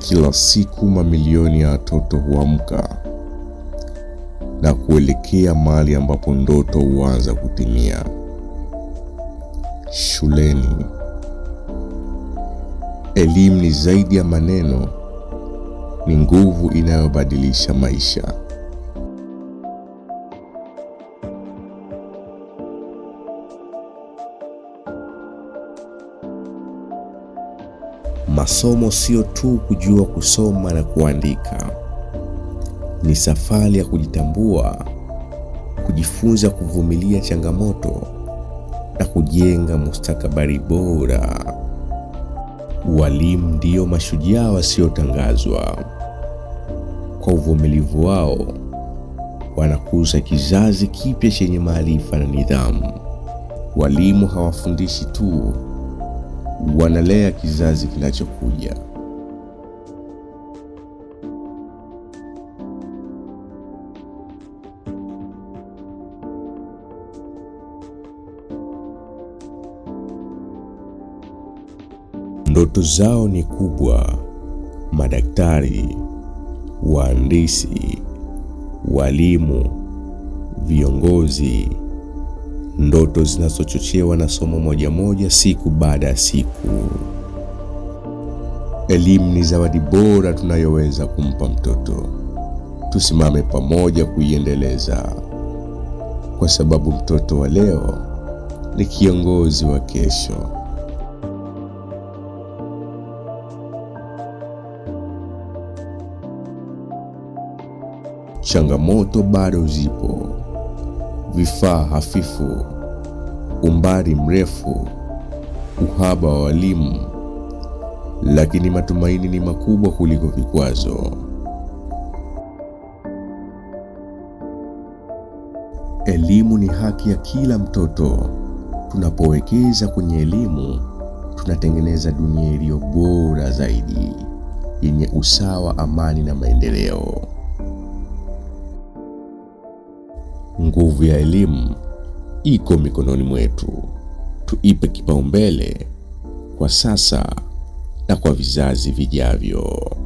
Kila siku mamilioni ya watoto huamka na kuelekea mahali ambapo ndoto huanza kutimia: shuleni. Elimu ni zaidi ya maneno, ni nguvu inayobadilisha maisha. Masomo sio tu kujua kusoma na kuandika, ni safari ya kujitambua, kujifunza kuvumilia changamoto na kujenga mustakabali bora. Walimu ndio mashujaa wasiotangazwa. Kwa uvumilivu wao, wanakuza kizazi kipya chenye maarifa na nidhamu. Walimu hawafundishi tu wanalea kizazi kinachokuja. Ndoto zao ni kubwa: madaktari, wahandisi, walimu, viongozi ndoto zinazochochewa na somo moja moja siku baada ya siku. Elimu ni zawadi bora tunayoweza kumpa mtoto. Tusimame pamoja kuiendeleza, kwa sababu mtoto wa leo ni kiongozi wa kesho. Changamoto bado zipo vifaa hafifu, umbali mrefu, uhaba wa walimu, lakini matumaini ni makubwa kuliko vikwazo. Elimu ni haki ya kila mtoto. Tunapowekeza kwenye elimu, tunatengeneza dunia iliyo bora zaidi yenye usawa, amani na maendeleo. Nguvu ya elimu iko mikononi mwetu, tuipe kipaumbele kwa sasa na kwa vizazi vijavyo.